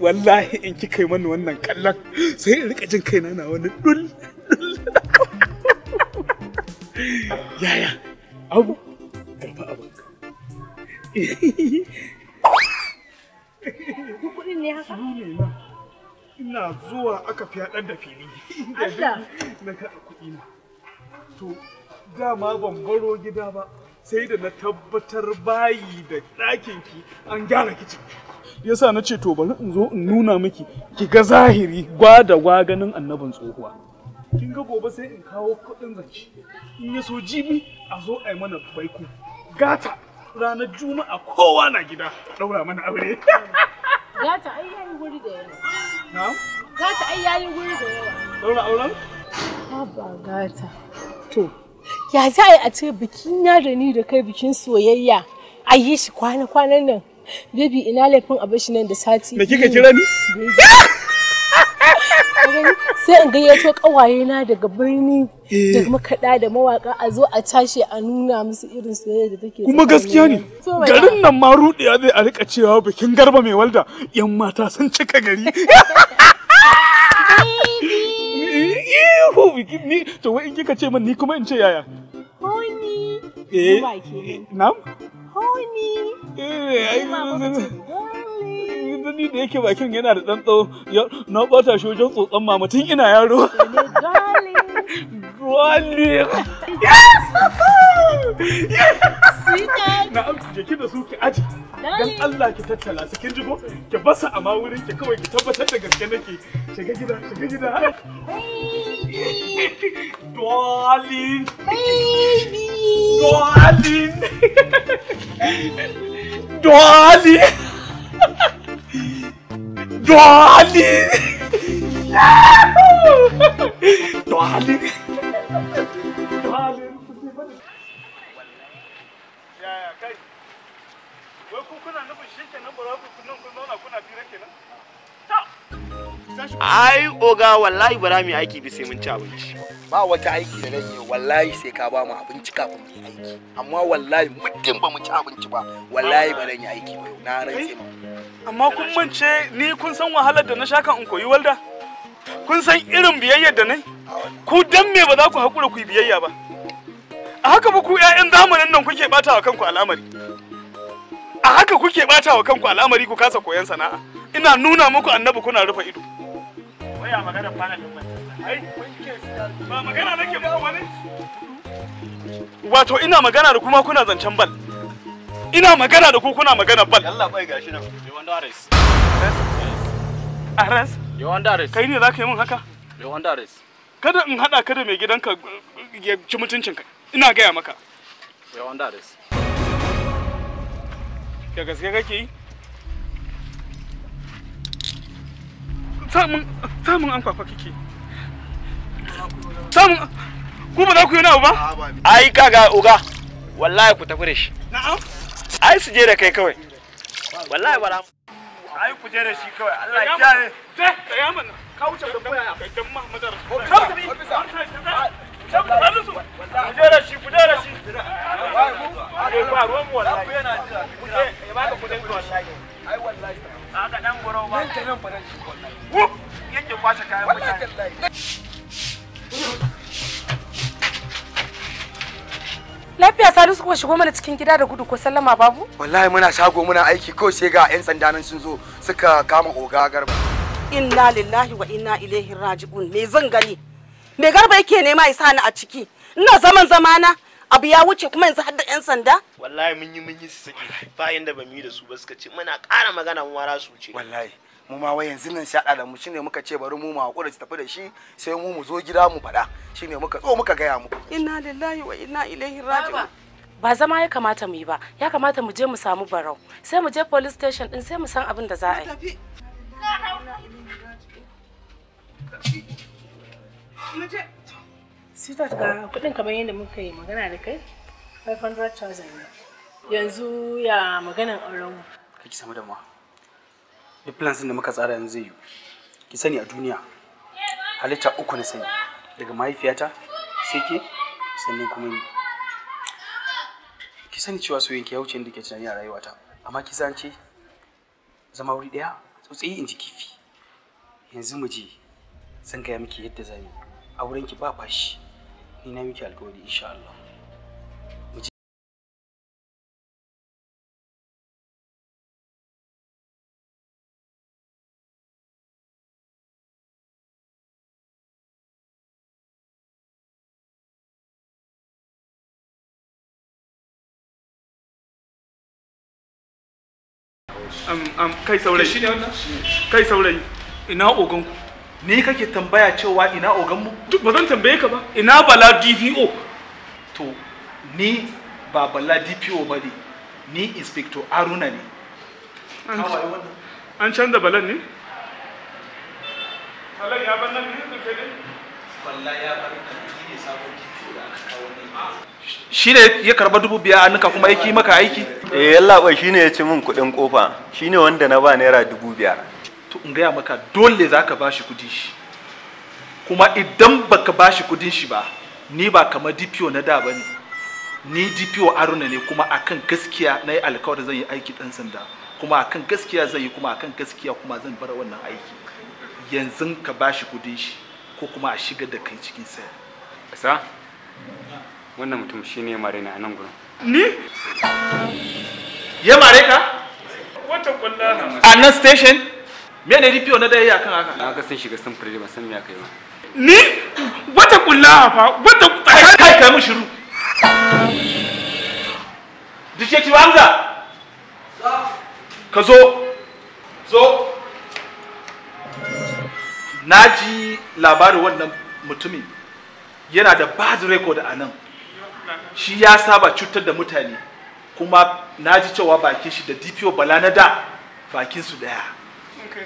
wallahi in kika yi mana wannan kallon sai in rika jin kaina na wani dul karɓi kuɗi na to dama ban baro gida ba sai da na tabbatar bayi da ɗakin ki an gyara kicin yasa na ce to bari in zo in nuna miki ki ga zahiri gwada ganin annabin tsohuwa kin ga gobe sai in kawo kuɗin zance in ya so jibi a zo a yi mana baiku. gata ranar juma'a kowa na gida ɗaura mana aure gata ai yayi wuri da yawa na gata ai yayi wuri da yawa ɗaura auren To, ya za a yi a ce bikin yaro ni da kai bikin soyayya a yi shi kwana-kwanan nan. Baby ina laifin a shi nan da sati. Me kika kira ni? Sai in gayyato kawaye na daga birni eh. da makaɗa da mawaka a zo a tashi a nuna musu irin soyayya da take Kuma gaskiya ne. Garin nan ma rudiya zai a rika cewa bikin garba mai walda yan mata sun cika gari. Yahu! Ni, to wai in kika ce min ni kuma in ce yaya? Honey! Eh, eh nam? Honey! Eh, ni da yake bakin yana da ɗan tsawo, na ɓata shi wajen tsotson mama tun ina yaro. Eh, darling! Gwale! Yes! Yes! da su ki aji. Dan Allah ki tattala su kin Ki basa a wurin ki kawai ki tabbatar da gaske nake. Shiga ai oga wallahi ba mu aiki bi sai mun ci abinci ba wata aiki da nan yi wallahi sai ka ba mu abinci kafin mu yi aiki amma wallahi muddin ba mu ci abinci ba wallahi ba mu yi aiki ba na ran ma. amma kun ce ni kun san wahalar da na shaka in koyi walda kun san irin biyayyar da nai ku dan me ba za ku haƙura ku yi biyayya ba a haka ba ku 'ya'yan zamanin nan kuke bata wa kanku al'amari a haka kuke bata wa kanku al'amari ku kasa koyon sana'a ina nuna muku annabi kuna rufe ido waya magana ba magana nake muku wani wato ina magana da kuma kuna zancen bal ina magana da ku kuna magana bal Allah bai gashi nan wanda ares ares You're under arrest. Kai ne za ka yi min haka? You're under Kada in haɗa ka da mai gidanka ya ci mutuncinka. Ina gaya maka. You're under arrest. Da gaske kake yi? Samun samun an kwafa kike. Samun ku ba za ku yi nawa ba? Ai kaga uga. Wallahi ku tafi da shi. Na'am. Ai su je da kai kawai. Wallahi wala. ai ku je da shi kawai Allah ya kiyaye je tsaya mana ka wuce da koya kai dan ma madar ko ka tabi ku je da shi ku je da shi wai ku ba mu wallahi ku yana jira ku je ya ba ka kudin ai wallahi aka goro ba nan nan faran shi wallahi yanke kwashe kayan mutane wallahi lafiya salisu kuwa shigo mana cikin gida da gudu ko sallama babu wallahi muna shago muna aiki ko sai ga yan sanda nan sun zo suka kama oga garba inna lillahi wa inna ilaihi raji'un me zan gani me garba yake nema ya sani a ciki ina zaman zamana abu ya wuce kuma yanzu hadda yan sanda wallahi mun yi mun yi su saki bayan da bamu yi da su ba suka ce muna ƙara magana mu wara su ce wallahi mu ma wai yanzu nan shaɗa da mu shine muka ce bari mu ma hakura tafi da shi sai mu mu zo gida mu faɗa shine muka tso muka gaya muku inna lillahi wa inna ilaihi raji'un ba zama ya kamata mu yi ba ya kamata mu je mu samu barau sai mu je police station din sai mu san abin da za a yi Sita ga kudin kamar yadda muka yi magana da kai 500,000 yanzu ya magana auren ka kake samu mu duk plans da muka tsara yanzu zai yi ki sani a duniya halitta uku na sani daga mahaifiyata sai ke sannan kuma ni ki sani cewa soyayyen ki ya wuce inda ke tunani a rayuwata amma ki san ce zama wuri daya tsotsi in ji kifi yanzu mu je zan gaya miki yadda zamu wurin ki ba fashi ni na miki alƙawari insha Allah kai saurayi shi ne wannan kai saurayi ina ogan ku kake tambaya cewa ina ogan mu duk ba zan tambaye ka ba ina bala DPO to ni ba bala DPO ba ne ni inspector Aruna ne an canza balan ne balan ya ban nan ne kai ne wallahi ya ban nan ne sabon DPO da aka kawo ne shi ne ya karba dubu biya a nuka kuma yake maka aiki E, yalla shi shine ya ci min kuɗin kofa shine wanda na ba naira dubu biyar to in gaya maka dole zaka ba shi kudin shi kuma idan baka ba shi kudin shi ba ni ba kamar DPO na da bane ni DPO Aruna ne kuma akan gaskiya na yi alkawari zan yi aiki dan sanda kuma akan gaskiya zan yi kuma akan gaskiya kuma zan bar wannan aiki yanzu ka ba shi kudin shi ko kuma a shiga da kai cikin sayar sa wannan mutum shi ne mare na nan gudun ni ya mare ka wata kwallo a nan station me ne dpo na daya kan haka na ga sun shiga sun fure ba san me aka yi ba ni wata a fa wata kai kai kai mu shiru Detective Hamza ka zo zo na ji labarin wannan mutumin yana da bad record a nan shi ya saba cutar da mutane kuma na ji cewa bakin shi da dpo bala na da bakin su daya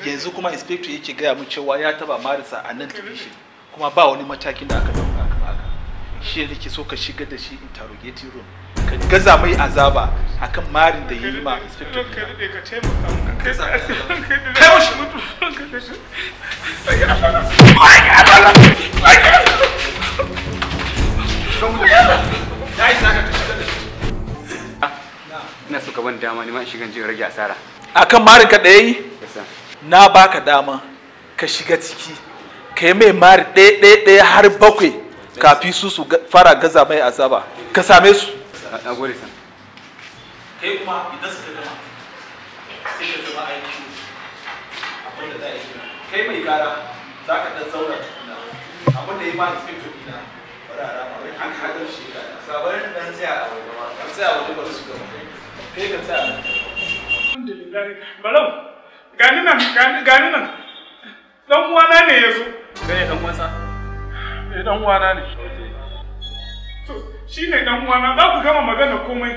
yanzu kuma inspector yake gaya mun cewa ya taba marisa a nan division kuma ba wani matakin da aka dauka akan haka shi ne ke so ka shiga da shi interrogating room ka gaza mai azaba akan marin da yayi ma inspector ka dade ka taimaka ka gaza mushi mutu ina so ka ban dama ne ma shiga jin rage asara a kan ka da yi na baka dama ka shiga ciki ka yi mai mari ɗaya ɗaya ɗaya har bakwai kafin su su fara gaza mai azaba ka same su na gode san kai kuma idan suka gama sai ka zama aiki abinda za a yi kai mai gara za ka ɗan zauna tukuna abinda ya ba inspector ina barara a ka gani nan dan uwana ne dan uwana ne dan uwana za ku gama magana komai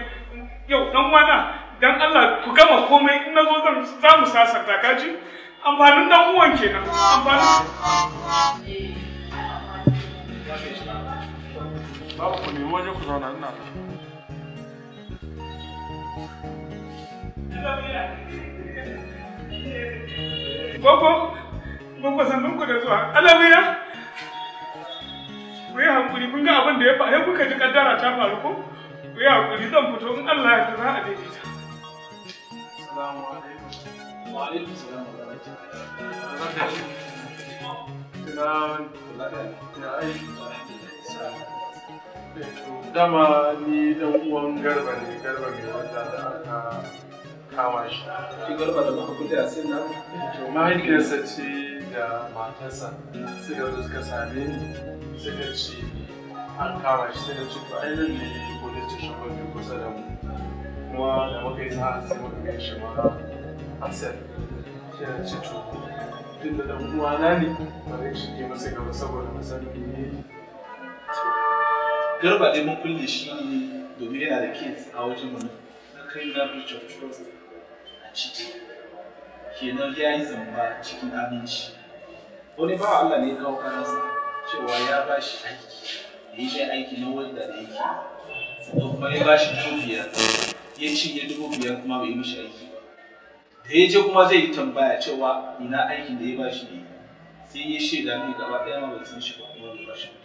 yau dan uwana dan Allah ku gama komai in nazo zan za mu sasanta kaji amfanin dan uwan kenan amfanin babu ku nemi waje ku zauna ina Gogo, gogo sannun ku da zuwa. Alamiya, ku yi hankuri, kun ga abin da ya faru, kuka ji kaddara ta faru ko? Ku yi hankuri zan fito in Allah ya ta za a daidaita. Salamu alaikum. Wa alaikum salam wa rahmatullahi wa barakatuh. dama ni dan uwan garba ne garba mai wata da aka kama shi shi garba da mahaifiyar da sai na to mahaifiyarsa ce da matarsa suka zo suka same ni suka ce an kama shi suka ce to ai nan ne police station ba mai kusa da mu kuma da muka yi sa'a sai muka gan shi ma asali shi na ce to tun da dan uwana ne ba zai shige masa gaba saboda masanin ne garba dai mun kulle shi ne domin yana da kids a wajen mu na na breach of trust a ciki kenan ya yi zamba cikin aminci wani ba Allah ne ya kawo karansa cewa ya ba shi aiki da ya shi aiki na wanda da yake sannan kuma ya ba shi dubu ya cinye dubu biyar kuma bai mishi aiki da ya je kuma zai yi tambaya cewa ina aikin da ya ba shi ne sai ya shaida ne gaba ɗaya ma bai san shi ba kuma bai ba shi ba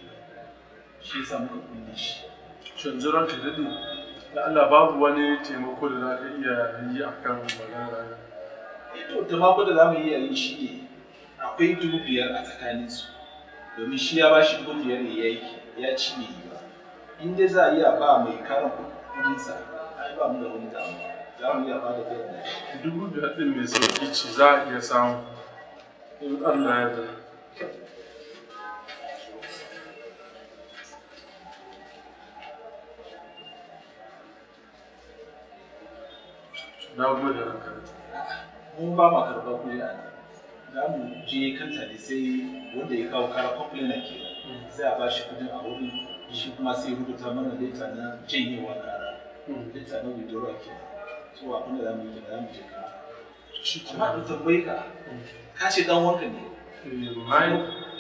shi yasa muka kulle shi yanzu ranka daɗe da Allah babu wani taimako da za ka iya yi a kan magana eh to taimako da za mu iya yi shi ne akwai dubu biyar a tsakanin su domin shi ya ba shi dubu biyar ne ya yi ya ci mai yi ba in dai za a iya ba mai karin kuɗinsa ai ba mu da wani damuwa za mu iya ba da biyar da dubu biyar ɗin mai sauƙi ce za a iya samu in Allah ya yarda na gode ranka mu ba ma karɓar kuɗi a nan. za mu je kan da sai wanda ya kawo kara na ke sai a ba shi kuɗin a wurin shi kuma sai rubuta mana leta na janyewa kara leta na withdrawal ke so abin da za mu yi da za mu je kanta amma in tambayi ka ka ce dan wanka ne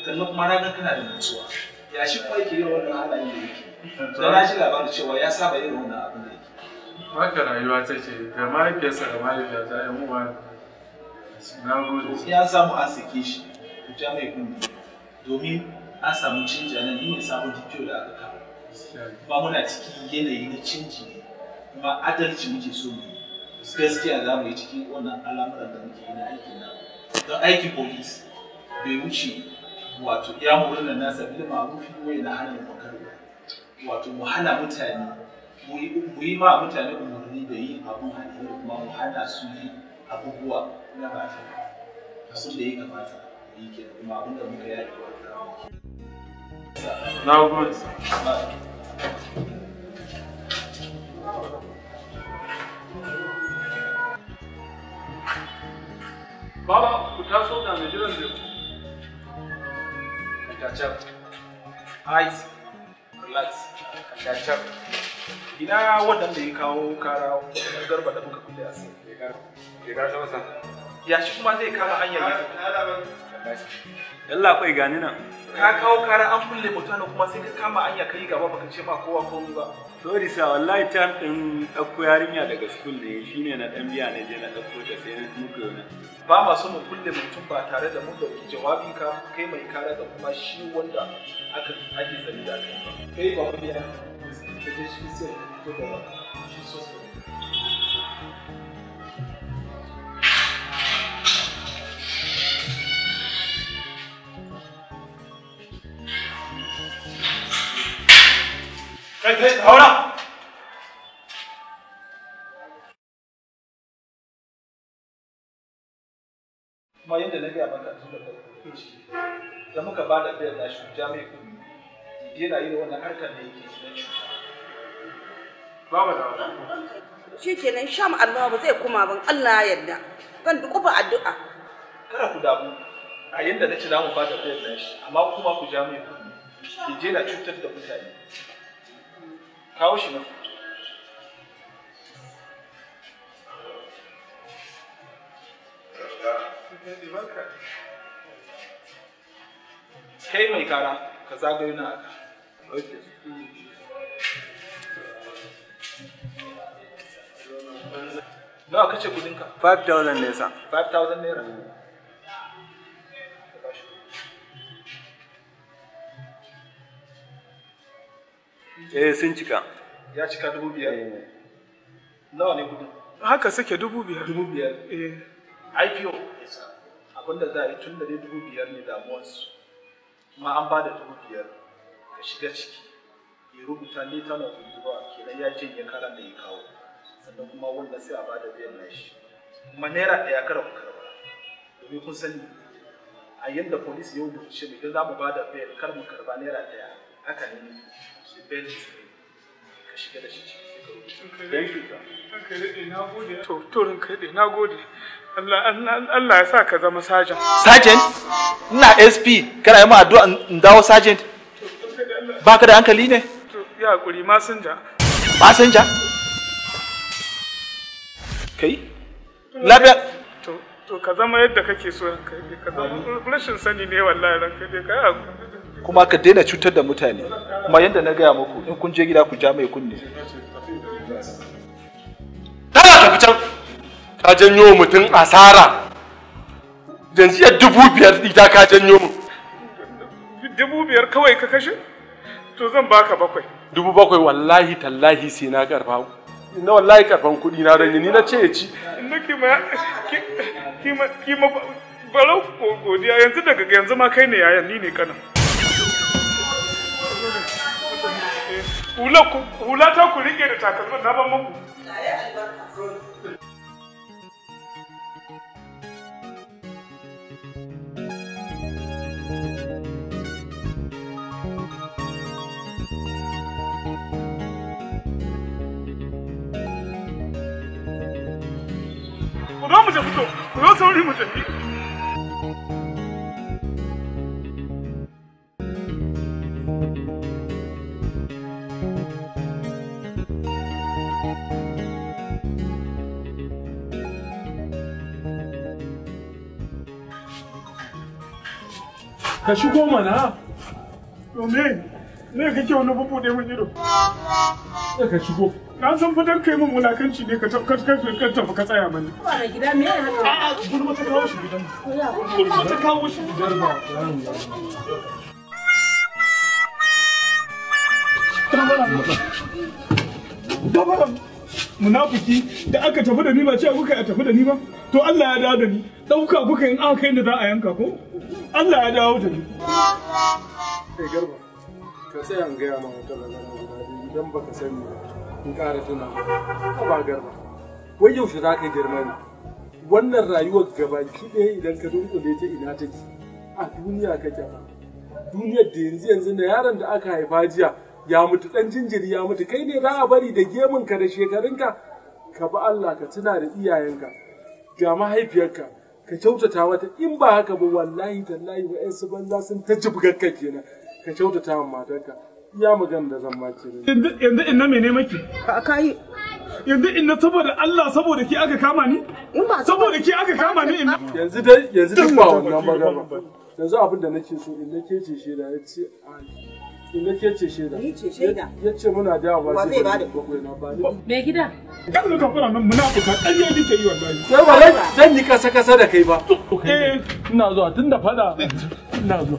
sannan kuma na ga kana da mutuwa ya shi kuma yake yi wannan halayen da yake da na ji labarin cewa ya saba yin wannan abin da haka rayuwa ta ce da mahaifiyarsa da mahaifiyarsa ya muwa na gode ya samu a sake shi ja mai kundi domin an samu canji a nan ne samun dikiyo da aka kawo kuma muna cikin yanayi na canji ne kuma adalci muke so mu gaskiya za mu yi cikin wannan al'amuran da muke yi na aiki na don aikin police bai wuce wato ya murin nan nasa bil ma'rufi wa yana hana munkar wato mu hana mutane mu yi ma mutane umarni da yi abun alheri kuma mu hana su yi abubuwa na ba ta abin da yi kamata mu yi kenan kuma abin da muka yaƙi wa Now good. Bye. Baba, ku taso da mai jiran da ku. Ka Eyes, relax, ka ina wannan da ya kawo kara na garba da muka kulle a sai ya shi kuma zai kama hanyar ya yalla kai gani nan ka kawo kara an kulle mutane kuma sai ka kama hanya kai gaba baka ce ba kowa komai ba sorry sa wallahi time din dauko yarinya daga school ne shine na dan biya ne je na dauko ta sai muka yi ba ma so mu kulle mutum ba tare da mu dauki jawabi ka kai mai kara da kuma shi wanda aka ake sani da kai ba kai ba mu biya ka je shi sai to kuma yadda na gaya maka tun da farko ce da muka ba da biyan yana yi wannan harkar da yake na cuta babu da shi kenan sham Allah ba zai kuma ban Allah ya yarda zan dukufa addu'a kada ku damu a yadda na ci zamu fata da yadda shi amma kuma ku ja mai ki je na cutar da mutane kawo shi na kai mai kara ka zagayo na aka nawa kace Five 5000 ne sa 5000 naira eh sun cika ya cika dubu biyar nawa ne kudin haka sake dubu biyar dubu biyar eh ipo abinda za a yi tun da dai dubu biyar ne damuwarsu Ma an ba da dubu biyar ka shiga ciki ya rubuta ne tana kunduwa kenan ya ya karan da ya kawo da kuma wanda sai a ba da biyan nashi kuma naira ɗaya kada ku karba domin kun sani a yadda polis yau da shi idan za mu ba da biyan kar mu karba naira ɗaya haka ne su biyan ka shiga da shi To, turin kaɗe, na gode. Allah ya sa ka zama sergeant. Sergeant? Ina SP, kana yi ma addu'a in dawo sergeant? Ba ka da hankali ne? Ya hakuri, masinja. Masinja? kai lafiya to ka zama yadda kake so ranka eh, ka zama rashin sani ne wallahi ranka dai eh, ka kuma ka daina cutar da mutane kuma yadda na gaya muku in kun je gida ku ja mai kunne tana tafi can ka janyo mutum asara yanzu ya dubu biyar ita ka janyo mu dubu biyar kawai ka kashe to zan baka bakwai dubu bakwai wallahi tallahi sai na karfa na wallahi karfan kuɗi na ranye ni na ce ya ci na kima kima kima barau godiya yanzu daga yanzu ma kai ne yayan ni ne kanan hula ta ku rike da takalmin na ban muku mu ka mana domin ne kake wani bubuɗe mun ido Na san fa dan kai mun wulakanci ne ka tafi ka tafi ka tsaya mani. Ba gida me yana haka? A'a gulma ta kawo shi gidan. Gulma ta kawo shi gidan ba. Dabaran munafiki da aka tafi da ni ba cewa kuka a tafi da ni ba to Allah ya dawo da ni dauka kuka in aka kai da za a yanka ko Allah ya dawo da ni kai garba ka tsaya an gaya ma wata magana idan baka sani ba in ƙara tuna ka ba garba wai yaushe za ka girma ne wannan rayuwar gabaki ɗaya idan ka dunkule ta ina take a duniya ka ba duniyar da yanzu yanzu da yaron da aka haifa jiya ya mutu ɗan jinjiri ya mutu kai ne za a bari da gemunka da shekarunka ka bi Allah ka tuna da iyayenka ga mahaifiyarka ka kyautata mata in ba haka ba wallahi tallahi wa'yansu banza sun ta jibgarka kenan ka kyautata wa matarka iya magan da zan mace yanzu yanzu inna mene maki ka yi yanzu inna saboda Allah saboda ki aka kama ni saboda ki aka kama ni ina. yanzu dai yanzu duk ba wannan magana yanzu abin da nake so inna ke ce sheda ya ce inna ke ce sheda ni ce sheda ya ce muna da ba zai ba da bakwai na ba me gida kan ka fara nan munafika ƙarya nake yi wallahi sai wallahi zan ni kasa kasa da kai ba eh ina zuwa tunda fada ina zuwa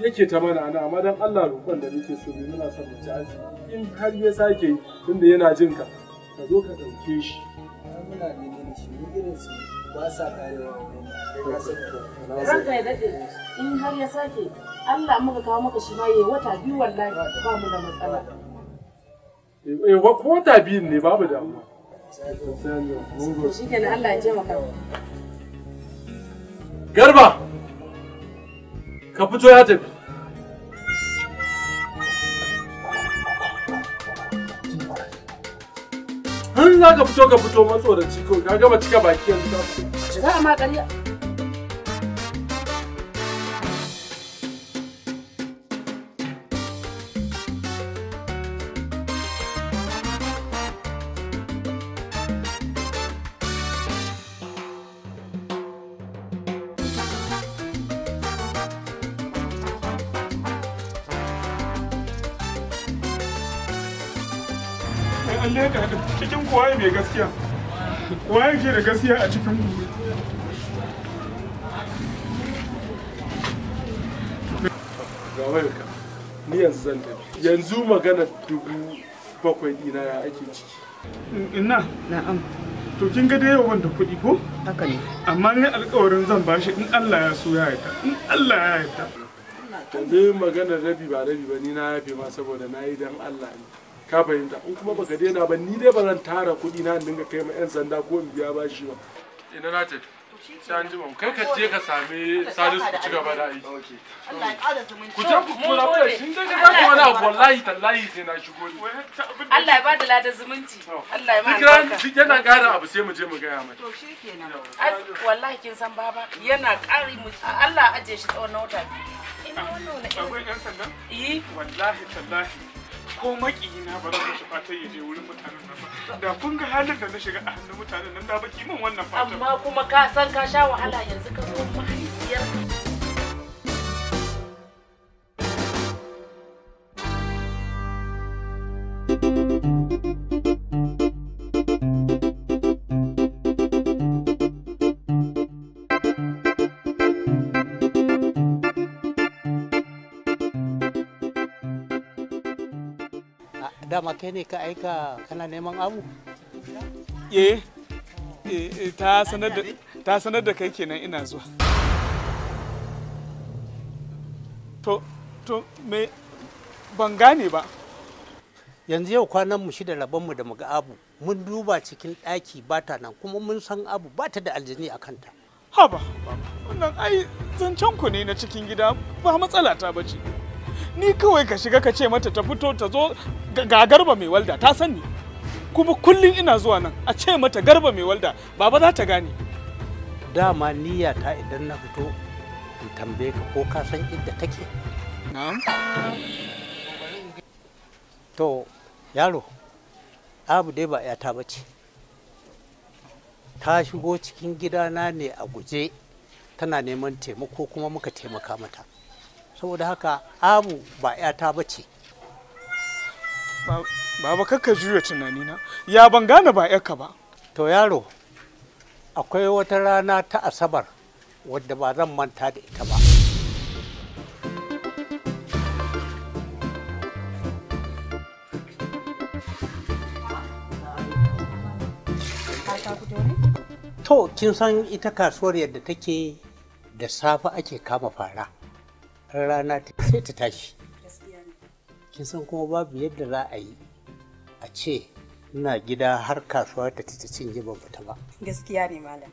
yake ta mana ana amma dan Allah rukun da nake so ne muna son mace aji in har ya sake yi tunda yana jin ka ka zo ka ɗauke shi muna daidai shi irin su ba sa karewa ranka ya daɗe in har ya sake Allah muka kawo maka shi ma yayi wata biyu wallahi ba mu da matsala eh ko wata biyu ne babu damuwa shi kenan Allah ya maka garba ka fito ya tafi za ka fito ka fito da kawai ka gama cika baki yanzu ka fito. Za a ma ƙarya. mai gaskiya wa yake da gaskiya a cikin mu ga wayarka ni yanzu zan tafi yanzu magana dubu bakwai dina ya ake ciki ina na'am to kin ga dai yawan da kuɗi ko haka ne amma ni alƙawarin zan bashi in Allah ya so ya yarda in Allah ya yarda yanzu magana rabi ba rabi ba ni na yafe ma saboda na yi dan Allah ne ka fahimta in kuma baka daina ba ni dai ba zan tara kuɗi na dinga kai ma 'yan sanda ko in biya bashi ba ina na ce kai ka je ka same salisu ku ci gaba da aiki ku ku ku ba ku wani abu wallahi tallahi sai na shigo Allah ya bada abu sai mu je mu gaya to san baba yana ƙari mu Allah ajiye shi tsawon wata ina ko na ba zan mishi fatan ya je wurin mutanen nan ba da kun ga halin da na shiga a hannun mutanen nan da baki min wannan fatan amma kuma ka san ka sha wahala yanzu ka zo mahaifiyar dama kai ne ka aika kana neman abu eh, eh, eh ta sanar da ta sanar da kai kenan ina zuwa to to me ban gane ba yanzu yau kwanan mu shida rabon mu da muga abu mun duba cikin ɗaki ba ta nan kuma mun san abu ba ta da aljini a kanta haba wannan ai zancen ku ne na cikin gida ba matsala ta bace ni kawai ka shiga ka ce mata ta fito ta zo ga garba mai walda ta sani kuma kullum ina zuwa nan a ce mata garba mai walda baba za ta gane dama niyya ta idan na fito in tambaye ka ko ka san inda take na'am to yaro abu dai ba yata ta bace ta shigo cikin gidana ne a guje tana neman taimako kuma muka taimaka mata saboda haka abu ba 'yata ba ce baba kakka juya tunanina ya ban gane ba 'yarka ba to yaro akwai wata rana ta asabar wadda ba zan manta da ita ba to kin san ita kasuwar yadda take da safe ake kama fara har rana ta sai ta tashi kin san kuma babu yadda za a yi a ce ina gida har kasuwa ta ta cinye ban fita ba gaskiya ne malam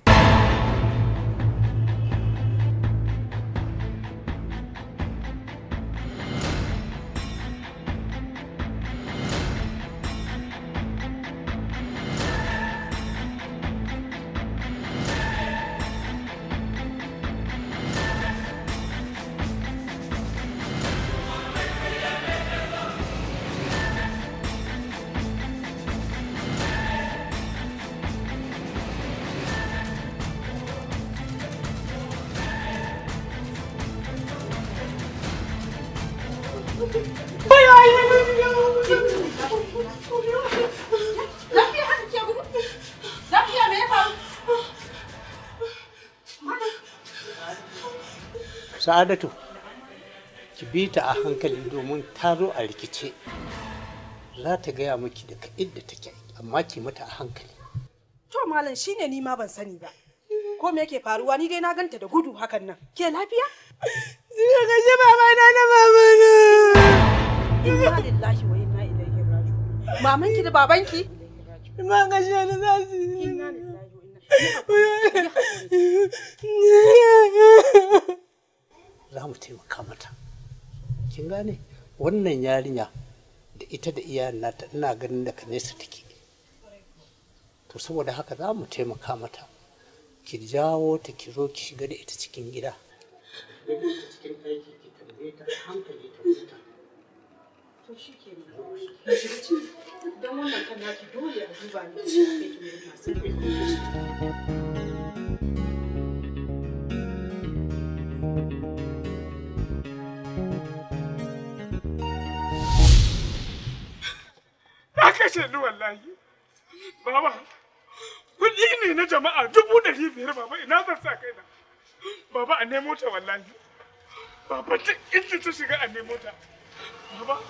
sa'adatu ki bi ta a hankali domin ta zo a rikice za ta gaya miki daga inda take amma ki mata a hankali to malam shine ni ma ban sani ba ko me yake faruwa ni dai na ganta da gudu hakan nan ke lafiya zai ga shi baba na na baba na inna lillahi wa inna ilaihi raji'un maman ki da baban ki ma ga shi na zasu inna lillahi wa inna za mu taimaka mata kin gane wannan yarinya da ita da iyayen nata ina ganin daga nesa take to saboda haka za mu taimaka mata ki jawo ta ki zo ki shiga da ita cikin gida don wannan kan dole a ne kashe ni wallahi baba kuɗi ne na jama'a dubu ɗari biyar baba ina zan sa kaina baba a nemo ta wallahi baba ta inda ta shiga a nemo ta baba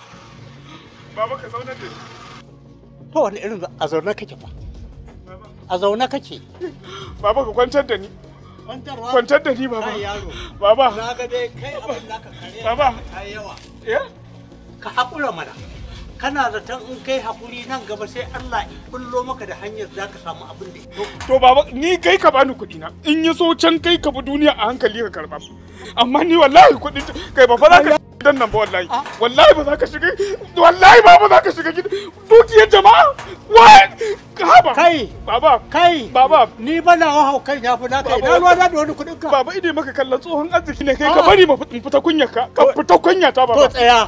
baba ka zauna da ni to wani irin a zauna kake fa a zauna kake baba ka kwantar da ni kwantar da ni baba baba Na ga dai kai abin kare. baba ka haƙura mana kana zaton in kai hakuri nan gaba sai Allah ya kullo maka da hanyar za ka samu abin da to baba ni kai ka bani kuɗi na in ya so can kai ka bi duniya a hankali ka karba amma ni wallahi kuɗi kai ba fa za ka dan nan ba wallahi ah. wallahi ba za ka shiga wallahi ba ba za ka shiga dukiyar jama'a wai haba kai baba kai baba ni ba na hau kai na fi na kai na ruwa na da wani kuɗin ka baba ide maka kallon tsohon arziki ne kai ka ah. bari ma fita kunyar ka ka fita kunya ta baba to tsaya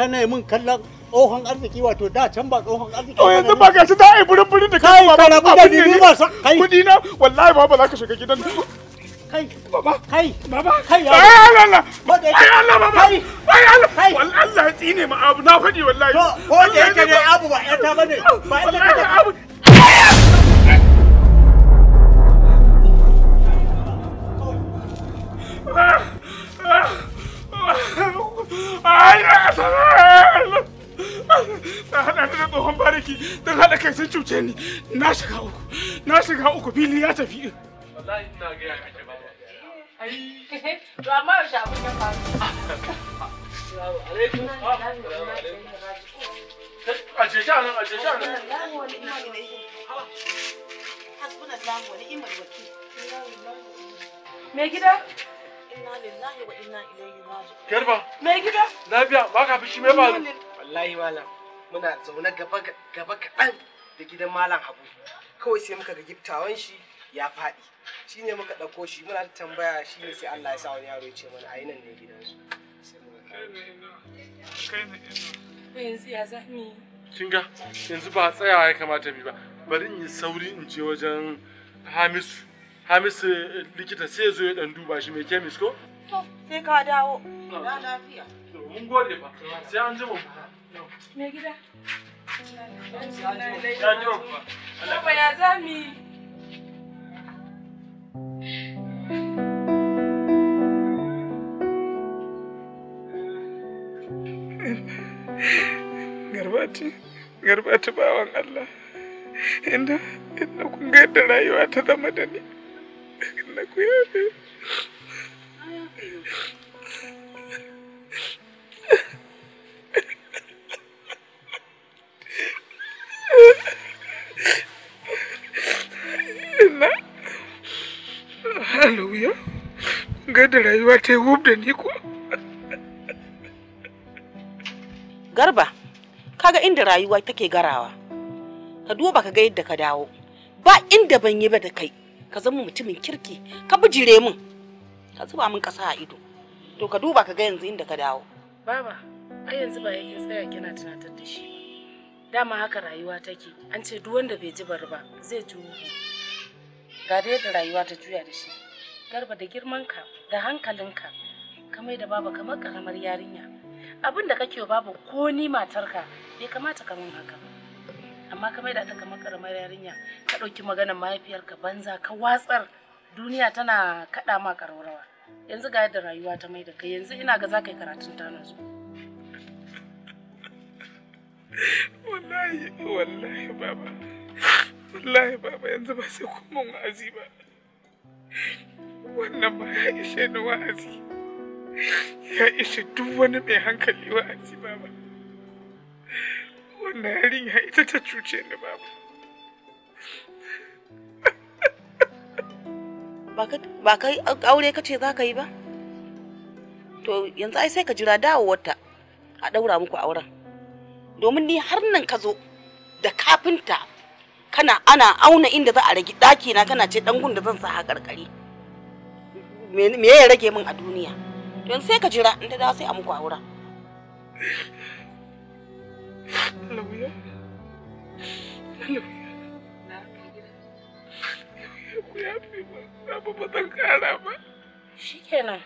kana yi min kallon tsohon arziki wato da can ba tsohon arziki to yanzu ba gashi da ai burin burin da kai ba ba abin ne kai kudi na wallahi ba ba za ka shiga gidan kai baba kai baba kai ya Allah ai Allah baba kai ai Allah wallahi ya tsine ma abu na faɗi wallahi to ko da yake dai abu ba ya bane ba ya abu Ah! ah, ah. ta haɗa da tsohon bariki don haɗa kai sun cuce ni na shiga uku na shiga uku fili ya tafi wallahi ina ga ya kace ai to amma alaikum aje nan hasbunallahu wa ni'mal me gida inna ah, lillahi wa inna raji'un me gida lafiya fishi me ba wallahi malam muna zaune gaba gaba kaɗan da gidan malam habu kawai sai muka ga giftawan shi ya faɗi shi ne muka ɗauko shi muna tambaya shi ne sai Allah ya sa wani yaro ya ce mana ayi nan ne gidansu yanzu ya zami kin ga yanzu ba tsayawa ya kamata bi ba bari in yi sauri in je wajen Hamisu Hamisu eh, likita sai zo ya dan duba shi mai kemis ko to sai ka dawo na lafiya mun gode ba sai an ji mu Garbati, garbati bawan Allah. Inda, kun ga rayuwa ta zama da ni. ku alawiya ga da rayuwa ta yi da ni ko garba kaga inda rayuwa take garawa ka duba ka ga yadda ka dawo ba inda ban yi ba da kai ka zama mutumin kirki ka bujire mun ka zuba min kasa a ido to ka duba ka ga yanzu inda ka dawo baba ai yanzu ba yake tsaya kina tunatar da shi ba dama haka rayuwa take an ce duk wanda bai ji bari ba zai juyo ga da yadda rayuwa ta juya da shi garba da girmanka da hankalinka ka mai da baba kamar karamar yarinya abin da kake babu ko ni matarka bai kamata kamar haka amma ka mai da ta kamar karamar yarinya ka ɗauki maganar ka banza ka watsar duniya tana kaɗa ma ƙararrawa yanzu ga yadda rayuwa ta mai da kai yanzu ina ga za ka yi karatun ta nazo wallahi wallahi baba wallahi baba yanzu ba sai kuma wa'azi ba wannan ba ya ishe ni wa'azi ya ishe duk wani mai hankali wa'azi baba wannan yarinya ita ta cuce ni baba ba kai aure kace za ka yi ba to yanzu ai sai ka jira dawowarta a ɗaura muku auren domin ni har nan ka zo da kafinta kana ana auna inda za a rage ɗakina na kana ce ɗangun da zan sa ha karkari me ya rage min a duniya don sai ka jira in ta dawo sai a muku aura Shikenan,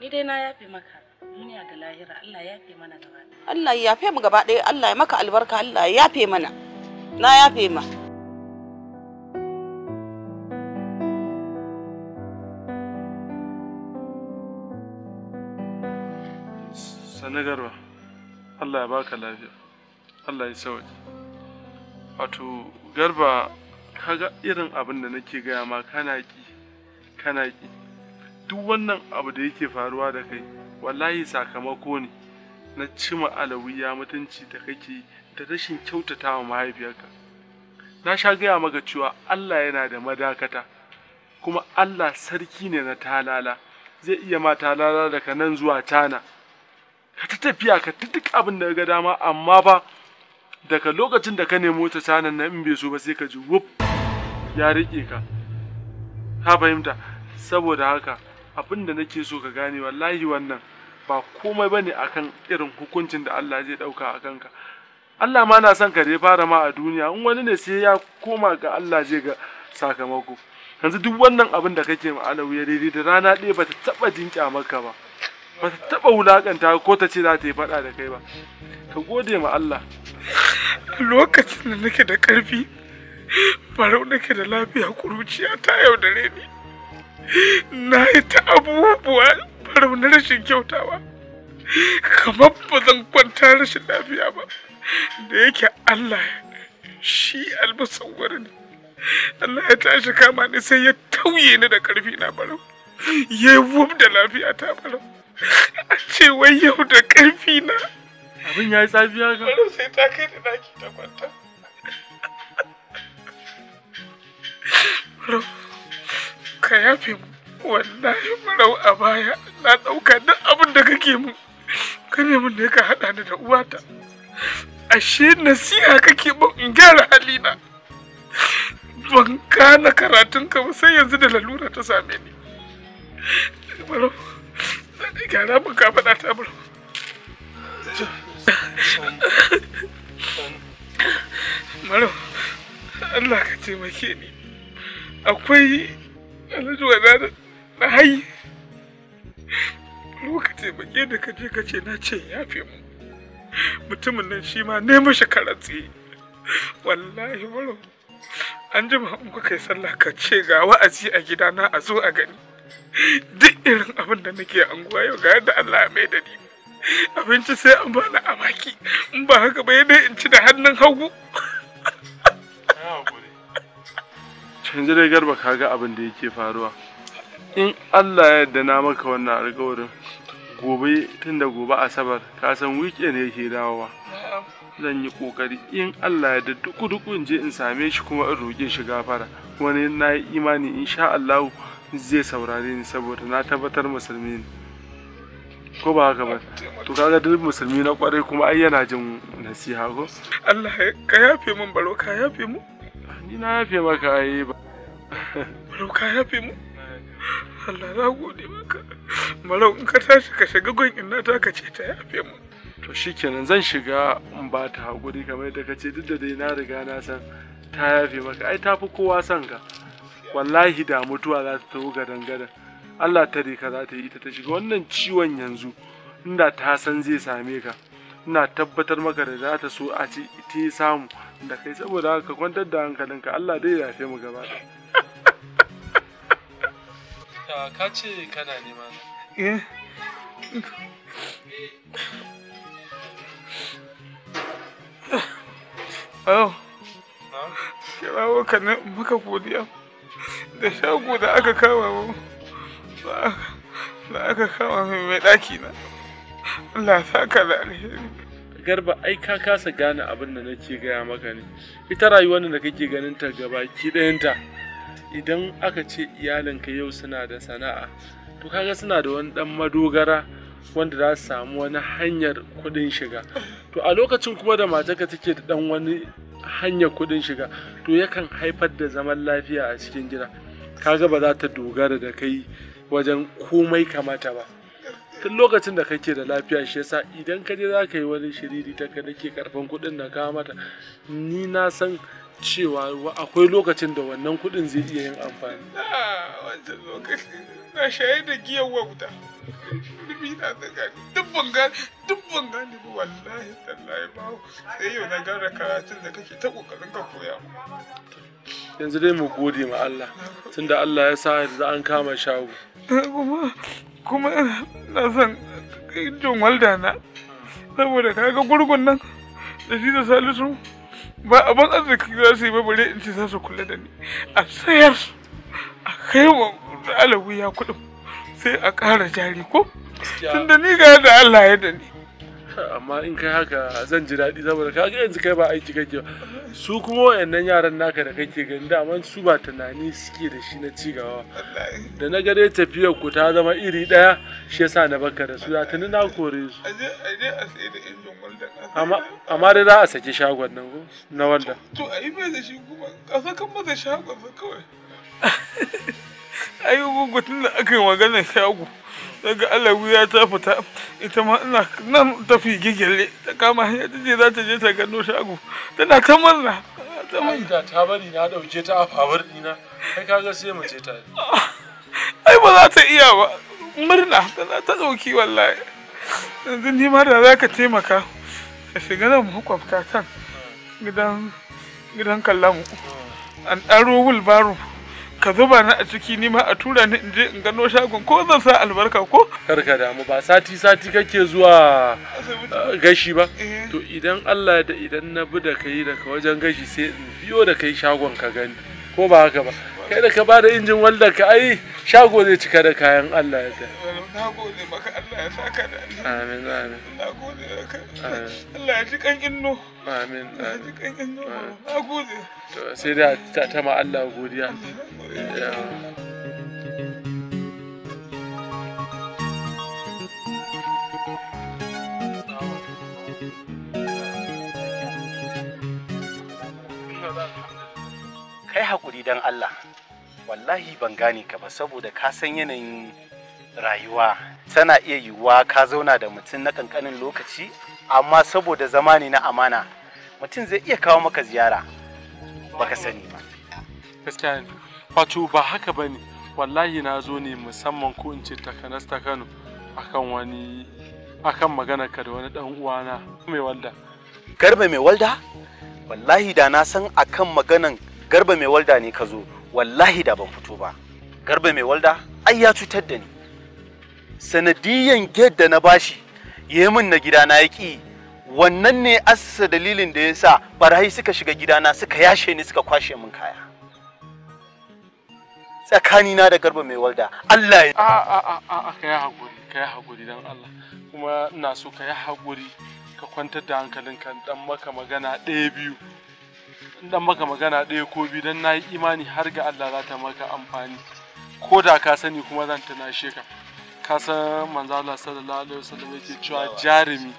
ni dai na yafe maka. Duniya da lahira, Allah ya fi mana gaba. Allah ya fi mu gaba ɗaya, Allah ya maka albarka, Allah ya fi mana. Na yafe ma. Sani garba allah ya baka lafiya allah ya sauki wato garba kaga irin abin da nake gaya ma kana ki kana ki duk wannan abu da yake faruwa da kai wallahi sakamako ne na cima alawiya mutunci da kake da rashin kyautata wa mahaifiyarka na sha gaya maka cewa allah yana da madakata kuma allah sarki ne na talala zai iya ma talala daga nan zuwa tana ta tafiya ka ta duk abin da ga dama amma ba daga lokacin da ka nemo ta sanan nan in bai so ba sai ka ji wuf ya rike ka ka fahimta saboda haka abin da nake so ka gane wallahi wannan ba komai bane akan irin hukuncin da Allah zai ɗauka a kanka Allah ma na son ka dai fara ma a duniya in wani ne sai ya koma ga Allah zai ga sakamako yanzu duk wannan abin da kake ma alawu ya daidai da rana ɗaya ba ta taɓa jinƙya maka ba ba ta taɓa wulaƙanta ko ta ce za ta yi faɗa da kai ba ka gode ma Allah lokacin da nake da ƙarfi farau nake da lafiya kuruciya ta yaudare ni na yi ta abubuwa farau na rashin kyautawa kamar ba zan kwanta rashin lafiya ba da yake Allah shi albasan wurin Allah ya tashi kama ni sai ya tauye ni da karfi na barau ya yi wub da lafiya ta barau ce wai yau da ƙarfi na abin ya yi tsafi ga wani sai ta kai da daki ta kwanta marau ka yafe mu wallahi marau a baya na ɗauka duk abin da kake mu ka ne mun da ka haɗa ni da uwata ashe nasiha kake ban in gyara halina ban kana karatun ka sai yanzu da lalura ta same ni marau gyara mun ka faɗa ta bulu maro Allah ka taimake ni akwai alhaji wada na hayi lokaci taimake da kaje ka ce na ce ya fi mu mutumin nan shi ma ne mashi karatsi wallahi maro an jima in kuka yi sallah ka ce ga wa'azi a gidana a zo a gani duk irin abin da nake anguwa yau ga yadda Allah ya mai da ni abinci sai an bani amaki in ba haka ba yadda in ci da hannun hagu canji dai garba ka ga abin da yake faruwa in Allah ya yadda na maka wannan alƙawarin gobe tun da gobe asabar ka san weekend yake dawowa zan yi kokari in Allah ya duku duku in je in same shi kuma in roƙe shi gafara wani na yi imani insha Allah zai saurare ni saboda na tabbatar musulmi ne ko ba haka ba to kaga duk musulmi na kwarai kuma ai yana jin nasiha ko Allah ka yafe min baro ka yafe mu ni na yafe maka ai ba baro ka yafe mu Allah na gode maka marau in ka tashi ka shiga gon inna ta ka ce ta yafe mu to shikenan zan shiga in ba ta hakuri kamar yadda ka ce duk da dai na riga na san ta yafe maka ai ta fi kowa sanka. ka wallahi da mutuwa za ta taho gadan gadan Allah ta ka za ta yi ita ta shiga wannan ciwon yanzu inda ta san zai same ka ina tabbatar maka da za ta so a ci ta samu da kai saboda haka kwantar da hankalinka Allah dai ya mu gaba da ka ce kana nema eh Oh, kira maka godiya. da shago da aka kama mu da aka kama mu mai ɗaki na Allah ya saka da alheri garba ai ka kasa gane abin da nake gaya maka ne ita rayuwar da kake ganin ta gaba ki ɗayanta idan aka ce iyalinka yau suna da sana'a to kaga suna da wani ɗan madogara wanda za su samu wani hanyar kuɗin shiga to a lokacin kuma da matarka take da ɗan wani hanyar kuɗin shiga to yakan haifar da zaman lafiya a cikin gida kaga ba za ta dogara da kai wajen komai kamata ba tun lokacin da kake da lafiya shi yasa idan ka je za ka yi wani shiriri ta ka nake karfan kuɗin da ka mata ni na san cewa akwai lokacin da wannan kuɗin zai iya yin amfani ah, wancan lokacin na shaye da giyan wauta na tsakani duk banga duk banga ne ba wallahi tallahi ba sai yau na gara karatun da kake ta kokarin ka koya yanzu dai mu gode ma Allah tunda Allah ya sa yanzu an kama shago eh, kuma kuma na san jin walda na saboda kaga gurgun nan da shi da salisu ba ban arziki za su yi ba bare in ce za su kula da ni a sayar a kai wa alawu ya kuɗin sai a ƙara jari ko tunda ni ga da Allah ya da ni amma in kai haka zan ji daɗi saboda kaga yanzu kai ba aiki kake ba su kuma wayannan yaran naka da kake gani daman su ba tunani suke da shi na cigaba da na gare tafiyar ku ta zama iri ɗaya shi yasa na baka da su da tuni na kore su amma dai za a saki shagon nan na wanda to a yi mai da shi kuma a sakan maza shagon sa kawai ayi gugu tunda da aka yi maganar shagon. daga alawiya ta fita ita ma ina nan tafi gigile ta kama hanya ta je za ta je ta gano shago tana ta murna ta murna ta bari na dauke ta a fabar dina kai kaga sai mu je ta ai ba za ta iya ba murna tana ta dauki wallahi yanzu ni ma da za ka taimaka ka shiga nan makwabta can gidan gidan kallamu an daro wulbaro ka zuba ni a ciki ni ma a tura ni in je in gano shagon ko zan sa albarka ko karka damu ba sati sati kake zuwa ah, gashi ba eh. to idan Allah da idan na bi da kai daga wajen gashi sai in biyo da kai shagon ka gani ko ba haka ba kai da ka bada injin walda ka ai shago zai cika da kayan Allah ya na gode maka Allah ya saka da amin amin na gode maka Allah ya ji kan inno Amin. ta ma Allah godiya. Kai haƙuri don Allah, wallahi ban gane ka ba saboda ka san yanayin rayuwa tana iya yiwuwa ka zauna da mutum na ƙanƙanin lokaci amma saboda zamani na amana mutum zai iya kawo maka ziyara baka sani ba gaskiya ne wato ba haka bane wallahi na zo ne musamman ko in ce takanas ta Kano akan wani akan magana ka da wani dan uwana mai walda garba mai walda wallahi da na san akan maganan garba mai walda ne ka zo wallahi da ban fito ba garba mai walda ai ya cutar da ni sanadiyan da na bashi yi min na gida na yaƙi wannan ne assa dalilin da ya sa barayi suka shiga gidana suka yashe ni suka kwashe min kaya tsakanina da garba mai walda Allah ya kai a a ka yi hakuri ka yi hakuri Allah kuma ina so ka yi hakuri ka kwantar da kan dan maka magana ɗaya biyu dan maka magana ɗaya ko biyu dan nayi imani har ga Allah za ta maka amfani ko da ka sani kuma zan tunashe ka ka san manzo Allah sallallahu alaihi wasallam yake cewa jarumi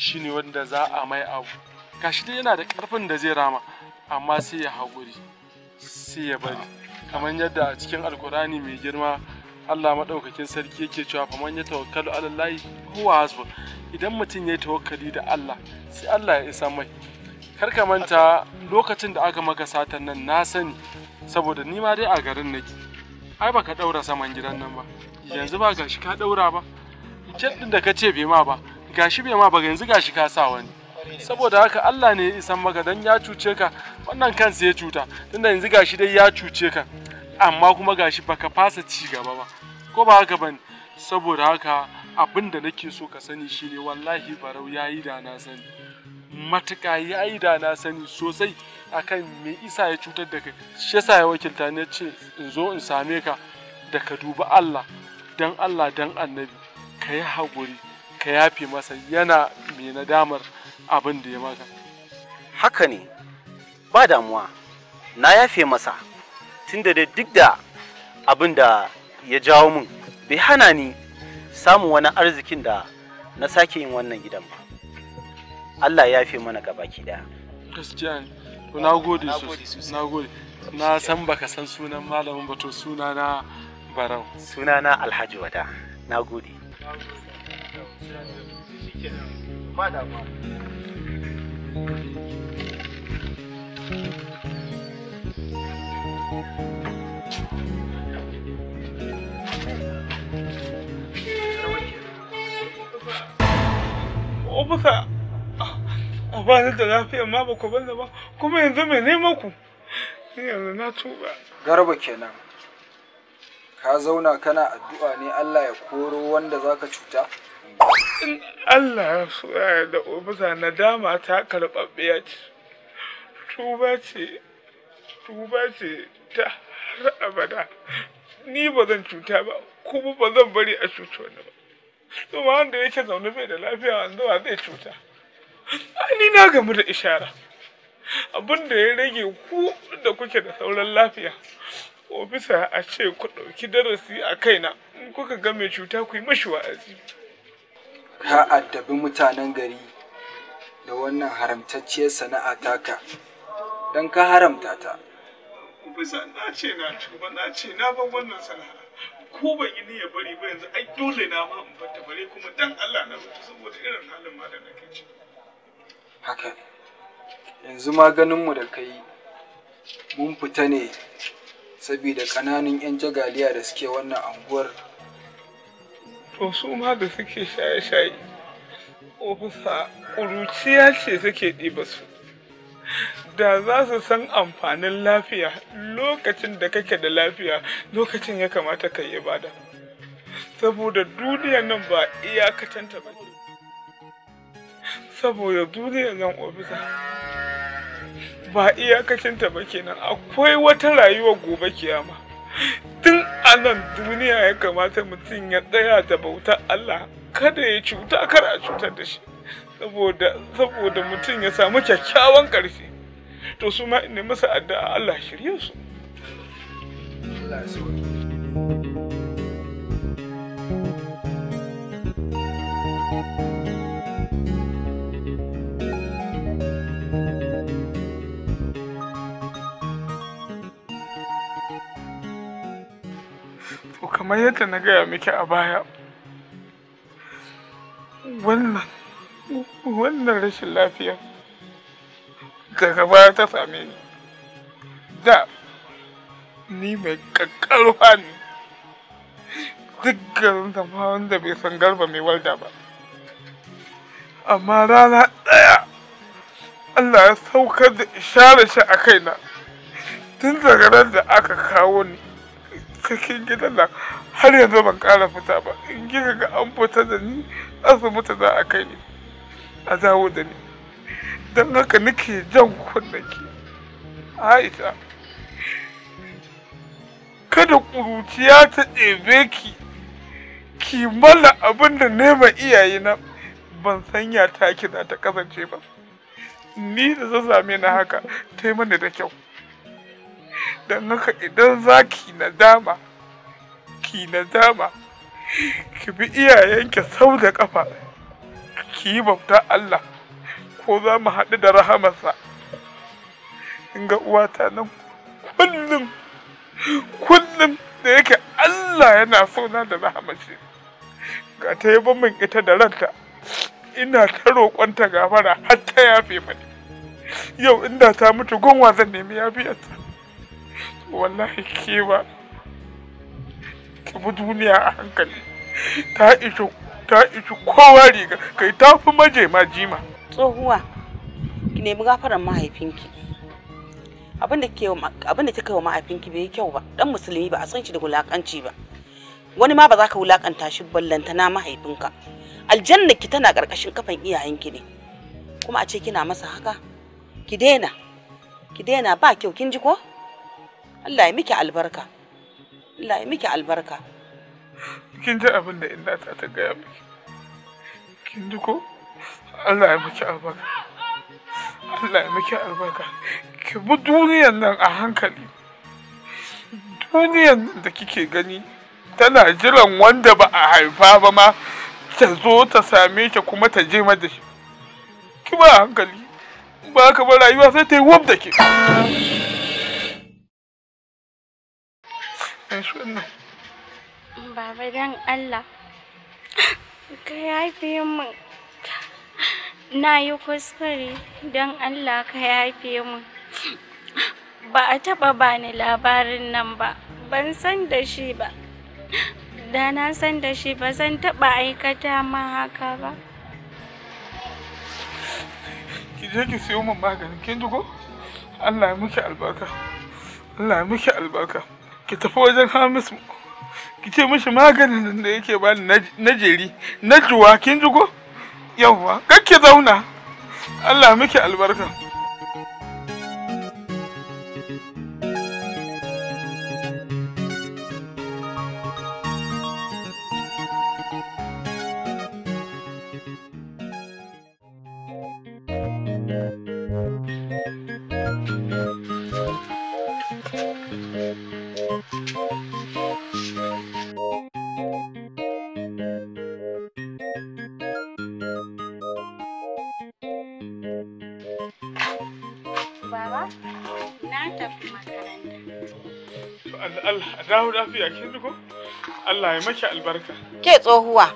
shine wanda za a mai abu gashi dai yana da karfin da zai rama amma sai ya haƙuri sai ya bari kamar yadda a cikin alkurani mai girma Allah maɗaukakin sarki yake cewa fa man ya tawakkalu ala Allah huwa hasbun idan mutum ya yi tawakkali da Allah sai Allah ya isa mai kar ka manta lokacin da aka maka satan nan na sani saboda ni ma dai a garin nake ai baka daura saman gidan nan ba yanzu ba gashi ka daura ba kin din da kace bai ma ba gashi bai ma ba yanzu gashi ka sa wani saboda haka Allah ne ya isa maka dan ya cuce ka wannan kansa ya cuta tunda yanzu gashi dai ya cuce ka amma kuma gashi baka fasa ci gaba ba ko ba haka bane saboda haka abin da nake so ka sani shine wallahi barau yayi da na sani matuƙa yayi da na sani sosai akan me isa ya cutar da kai shi yasa ya wakilta ne ce in zo in same ka da ka duba Allah dan Allah dan annabi ka yi haƙuri ka yafe masa yana mai nadamar abin da ya maka haka ne ba damuwa na yafe masa tunda da duk da abin da ya jawo min bai hana ni samun wani arzikin da na sake yin wannan gidan ba Allah ya yafe mana gabaki daya gaskiya ne to na gode sosai na gode na san baka san sunan malamin ba to suna na barau suna na alhaji wada na gode ba a da lafiya ma ba ku banda ba, kuma yanzu mai ku. Yanzu na tuba. Garba kenan. Ka zauna kana addu'a ne Allah ya koro wanda zaka cuta? in Allah ya da na nadama ta karɓaɓɓiya ce tuba ce tuba ce ta har abada ni ba zan cuta ba kuma ba zan bari a cuta wani ba kuma wanda yake zaune bai da lafiya wanda ba zai cuta ni na gamu da ishara abin da ya rage ku da kuke da sauran lafiya ofisa a ce ku ɗauki darasi a kaina in kuka ga mai cuta ku yi mashi wa'azi ka addabi mutanen gari da wannan haramtacciyar sana'a taka don ka haramta ta bisa na ce na tuba na ce na ban wannan sana'a ko ban yi niyyar bari ba yanzu ai dole na ma in bata bare kuma dan Allah na mutu saboda irin halin ma da nake ciki haka yanzu ma ganin mu da kai mun fita ne saboda ƙananan 'yan jagaliya da suke wannan anguwar to su ma da suke shaye-shaye ofisa ƙuruciya ce suke ɗiba su da za su san amfanin lafiya lokacin da kake da lafiya lokacin ya kamata ka yi ibada saboda duniyan nan ba iyakacanta ba saboda duniyan nan ofisa ba iyakacinta ba kenan akwai wata rayuwa gobe kiyama tun a nan duniya ya kamata mutum ya tsaya da bauta Allah kada ya cuta kar a cutar da shi saboda saboda mutum ya samu kyakkyawan ƙarfi to su ma ne masa addu'a Allah shirye su Allah ya kamar yadda na gaya miki a baya wannan wannan rashin lafiya daga baya ta same ni da ni mai kakkarwa ne duk garin ma wanda bai san garba mai walda ba amma rana ɗaya Allah ya saukar da share shi a kaina tun daga da aka kawo ni cikin gidan nan har yanzu ban ƙara fita ba in kika ga an fita da ni asibiti za a kai ni a dawo da ni don haka nake jan kunnaki aisha kada ƙuruciya ta ɗebe ki ki mala abin da nema na ban sanya taki za ta kasance ba ni da ta na haka taimani da kyau Dan haka idan za ki nadama ki nadama ki bi iyayenki sau da ƙafa ki yi bauta Allah ko za mu haɗu da rahamarsa in ga uwata nan kullum kullum da yake Allah yana sona da rahmaci, ga ta yaba min ita da ranta ina ta roƙonta gafara har ta yafe mani yau inda ta mutu gonwa zan nemi yafiyarta wallahi kewa ba bi duniya a hankali ta isu ta ishi kowa riga kai ta fi maje ma jima tsohuwa ki nemi gafaran mahaifinki abinda kika yi wa mahaifinki bai yi kyau ba dan musulmi ba a san shi da wulakanci ba wani ma ba za ka wulakanta shi na mahaifinka aljanna ki tana karkashin kafan iyayenki ne kuma a ce kina masa haka ki daina ki daina ba kyau kin ji ko Allah ya miki albarka Allah ya miki albarka kin ji abin da inda ta ta gaya miki kin ji ko Allah ya miki albarka Allah ya miki albarka ki bi duniyan nan a hankali duniyan nan da kike gani tana jiran wanda ba a haifa ba ma ta zo ta same ta kuma ta je mata shi ki ba hankali ba ka ba rayuwa sai ta yi wab da ke. shi wannan baba don Allah ka yafe min na yi kuskure don Allah ka yafe min ba a taɓa bani labarin nan ba ban san da shi ba da na san da shi ba zan taɓa aikata ma haka ba ki je ki siyo min maganin kin ji ko Allah ya miki albarka Allah ya miki albarka ki tafi wajen Hamisu ki ce mishi maganin da yake bani na jeri na juwa kin ji ko yawwa zauna Allah miki albarka Baba, na tafi makaranta. Allah, dawo lafiya kin duko? Allah ya maki albarka. Ke tsohuwa,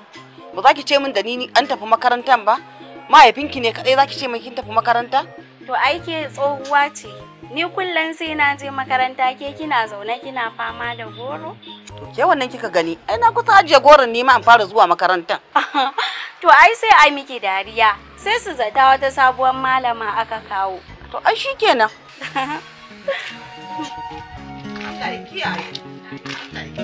ba za ki ce min da ni an tafi makarantan ba? Mahaifinki ne kaɗai za ki ce min kin tafi makaranta? To ai ke tsohuwa ce. Ni kullum sai na je makaranta ke kina zaune kina fama da goro? To ke wannan kika gani, ai na kusa ajiye goron ne ma an fara zuwa makarantan. to ai sai ai miki dariya, sai su zata wata sabuwar malama aka kawo. To ai shi kenan. Allah gode kiyaye. Allah ya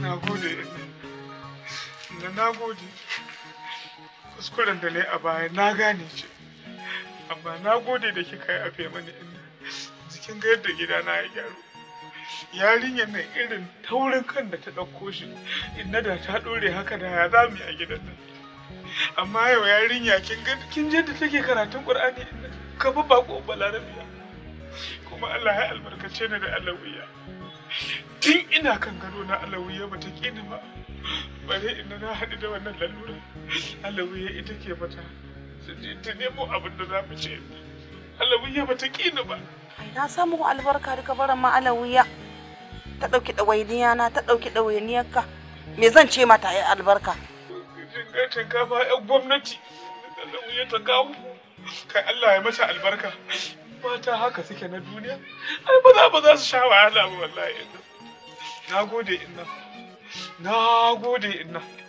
na gode kuskuren da na a baya na gane ce amma na gode da kika yi yafe mani ina jikin ga yadda gidana ya gyaru Yarinya nan irin taurin kan da ta ɗauko shi inda da ta ɗore haka da ya za mu yi a gidan nan amma yau yarinya kin ga kin je da take karatun qur'ani ka ba bako balarabiya kuma Allah ya albarkace ni da alawiya tun ina kan gado na alawiya ba ta ƙi ba bare ina na haɗu da wannan lalura alawiya ita ke mata ta nemo abin da za mu ce alawiya ba ta ƙi ba na samu albarka duka barin ma'alawiya ta ɗauki ɗawainiya na ta ɗauki ɗawainiyarka me zan ce mata ya albarka ga shinkafa yan gwamnati ɗawainiya ta kawo kai Allah ya mata albarka mata haka suke na duniya ai ba za ba za su sha wahala ba wallahi na gode inna na gode inna